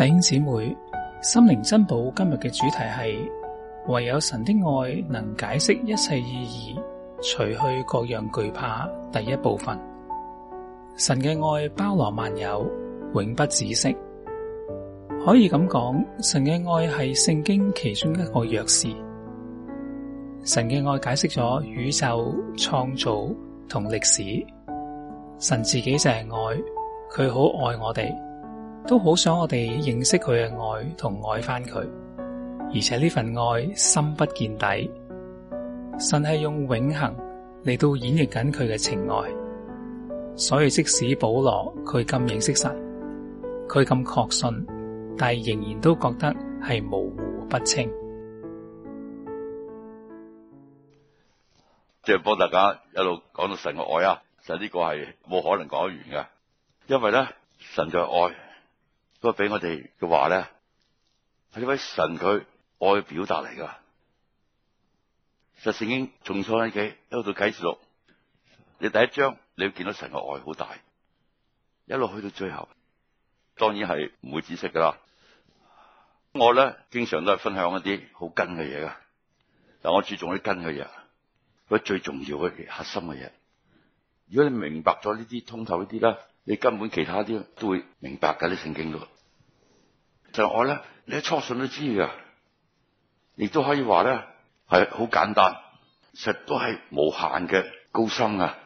弟兄姊妹，心靈珍寶今日嘅主題係唯有神的愛能解釋一切意義，除去各樣懼怕。第一部分，神嘅愛包羅萬有，永不止息。可以咁講，神嘅愛係聖經其中一個鑰匙。神嘅愛解釋咗宇宙創造同歷史。神自己就係愛，佢好愛我哋。都好想我哋認識佢嘅愛同愛翻佢，而且呢份愛深不見底，神係用永恒嚟到演繹緊佢嘅情愛，所以即使保羅佢咁認識神，佢咁確信，但係仍然都覺得係模糊不清。即係幫大家一路講到神嘅愛啊，神呢個係冇可能講完嘅，因為咧神在愛。嗰俾我哋嘅話咧，係呢位神佢愛嘅表達嚟噶。就聖經從創世紀一路到啟示錄，你第一章你會見到神個愛好大，一路去到最後，當然係唔會止息噶啦。我咧經常都係分享一啲好根嘅嘢噶，但我注重啲根嘅嘢，佢最重要嘅核心嘅嘢。如果你明白咗呢啲通透些呢啲啦。你根本其他啲都會明白噶，你曾經都，就愛咧，你一初信都知噶，亦都可以話咧係好簡單，實都係無限嘅高深啊！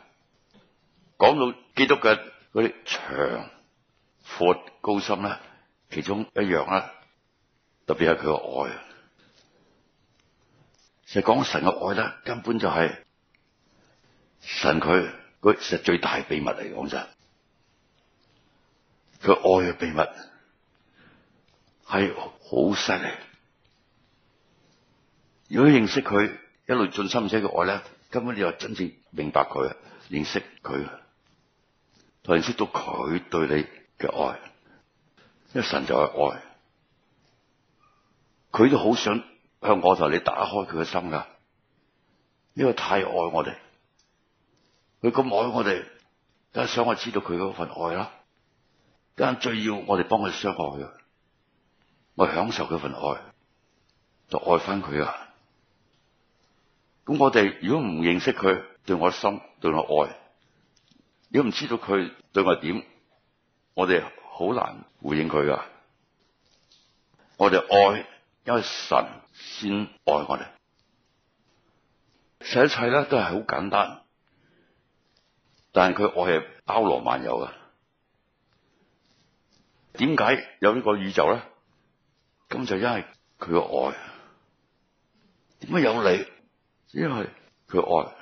講到基督嘅嗰啲長闊高深咧，其中一樣咧，特別係佢個愛啊！實講神嘅愛咧，根本就係神佢佢實最大秘密嚟講就。佢愛嘅秘密係好犀利，如果認識佢一路進深佢嘅愛咧，根本你就真正明白佢，認識佢，同認識到佢對你嘅愛，因為神就係愛，佢都好想向我同你打開佢嘅心噶，因為太愛我哋，佢咁愛我哋，梗係想我知道佢嗰份愛啦。但最要我哋幫佢相愛啊！我，就是，享受佢份愛，就愛返佢啊！咁我哋如果唔認識佢，對我心對我愛，如果唔知道佢對我點，我哋好難回應佢噶。我哋愛因為神先愛我哋，所以一切咧都係好簡單，但係佢愛係包羅萬有噶。點解有呢個宇宙咧？咁就因為佢愛。愛，點解有你？因為佢愛。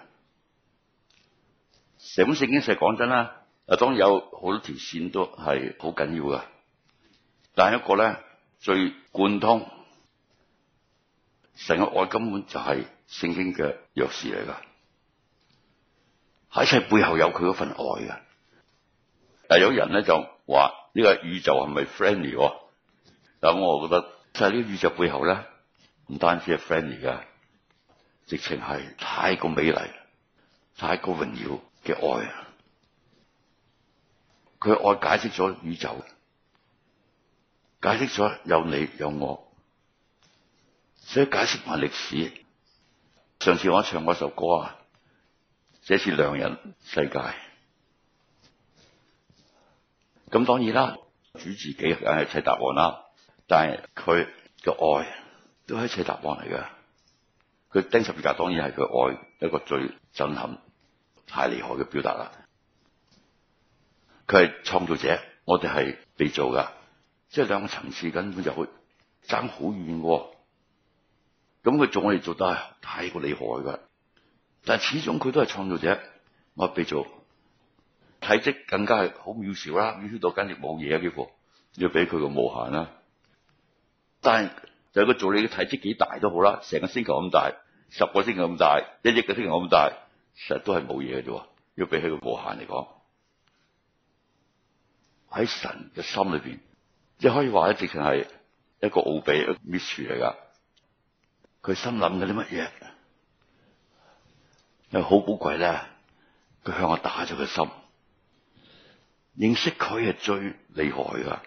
成本聖經其實講真啦，當然有好多條線都係好緊要噶，但係一個咧最貫通，成個愛根本就係聖經嘅鑰匙嚟噶。喺一切背後有佢嗰份愛噶。但係有人咧就。話呢，這個宇宙係咪 friendly？啊，但我覺得係呢個宇宙背後咧，唔單止係 friendly 噶，啊，直情係太過美麗、太過榮耀嘅愛啊！佢愛解釋咗宇宙，解釋咗有你有我，所以解釋埋歷史。上次我唱嗰首歌啊，這是良人世界。咁當然啦，主自己梗係一切答案啦。但係佢嘅愛都係一切答案嚟噶。佢釘十字架當然係佢愛一個最震撼、太厲害嘅表達啦。佢係創造者，我哋係被造噶，即係兩個層次根本就去爭好遠喎。咁佢仲可以做得太過厲害㗎，但係始終佢都係創造者，我被造。體積更加係好渺小啦，渺小到簡直冇嘢啊！幾乎要俾佢個無限啦。但係有個做你嘅體積幾大都好啦，成個星球咁大，十個星球咁大，一億個星球咁大，其實都係冇嘢嘅啫。要俾佢個無限嚟講，喺神嘅心裏邊，即係可以話一直情係一個奧秘、一個秘傳嚟噶。佢心諗緊啲乜嘢，又好寶貴咧。佢向我打咗個心。認識佢係最厲害噶，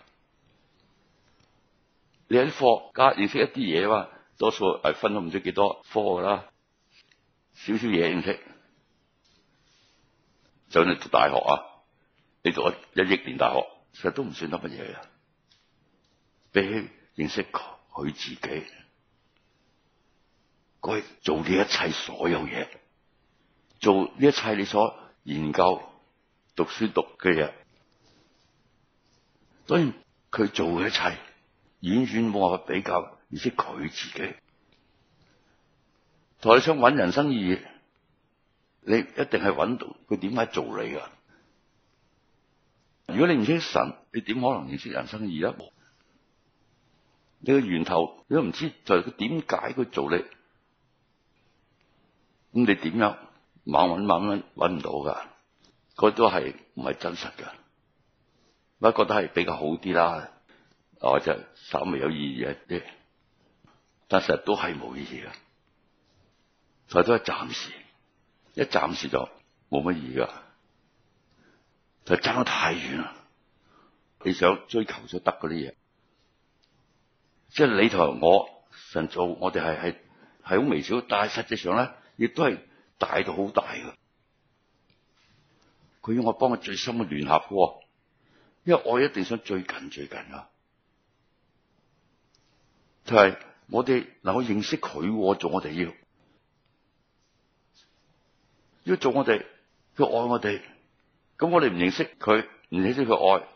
你喺科學家認識一啲嘢嘛？多數係分咗唔知幾多科啦，少少嘢認識。就算你讀大學啊，你讀一億年大學，其實都唔算得乜嘢啊！比起認識佢自己，佢做呢一切所有嘢，做呢一切你所研究、讀書讀嘅嘢。所以佢做嘅一切遠遠冇話比較，而且佢自己台商想揾人生意義，你一定係揾到佢點解做你噶？如果你唔識神，你點可能認識人生意義？你個源頭你都唔知，就係佢點解佢做你？咁你點樣猛揾猛揾揾唔到噶？佢都係唔係真實噶？我覺得係比較好啲啦，我就稍微有意義一啲，但實都係冇意義嘅，佢都係暫時，一暫時就冇乜意義噶，就爭得太遠啦。你想追求就得嗰啲嘢，即係你同我神做，我哋係係係好微小，但係實際上咧，亦都係大到好大嘅。佢要我幫佢最深嘅聯合的因為我一定想最近最近啊，就係、是、我哋能夠認識佢做我哋要，要做我哋要愛我哋，咁我哋唔認識佢，唔認識佢愛，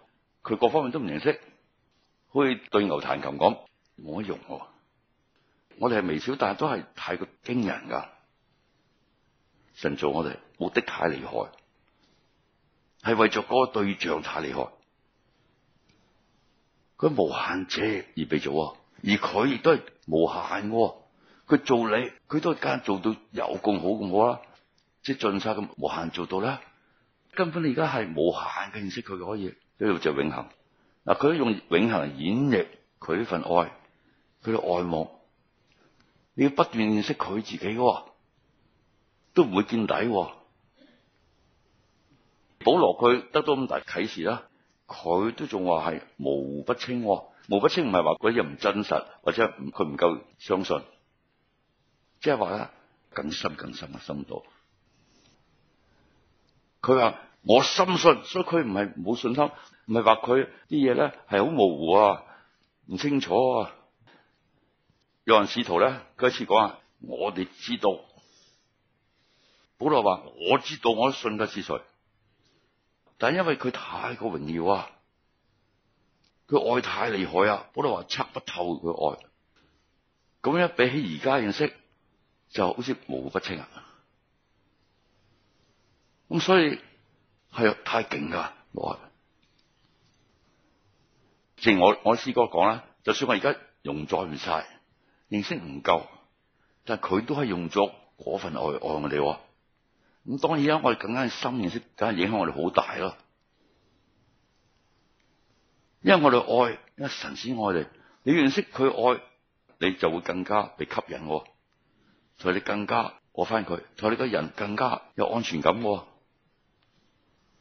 佢各方面都唔認識，可以對牛彈琴咁冇乜用、啊。我哋係微小，但係都係太過驚人噶。神做我哋目的太厲害，係為咗嗰個對象太厲害。佢無限者而被做，而佢亦都係無限嘅。佢做你，佢都係間做到有咁好咁好啦，即係盡晒咁無限做到啦。根本你而家係無限嘅認識佢可以都要借永恆。嗱，佢用永恆演繹佢呢份愛，佢嘅愛慕，你要不斷認識佢自己嘅，都唔會見底。保羅佢得到咁大啟示啦。佢都仲話係模糊不清，模糊不清唔係話佢啲唔真實，或者佢唔夠相信，即係話咧更深更深嘅深度。佢話我深信，所以佢唔係冇信心，唔係話佢啲嘢咧係好模糊啊，唔清楚啊。有人試圖咧，佢一次講啊，我哋知道。保羅話我知道，我信得是誰。但因為佢太過榮耀啊，佢愛太厲害啊，我都話測不透佢愛，咁樣比起而家認識，就好似模糊不清啊。咁所以係啊，太勁噶愛。正如我我師哥講啦，就算我而家容載唔晒，認識唔夠，但係佢都係用咗嗰份愛愛我哋。咁當然啦，我哋更加深認識，更加影響我哋好大囉！因為我哋愛，因為神先愛你，你認識佢愛，你就會更加被吸引喎。所以你更加愛返佢，所以你個人更加有安全感喎。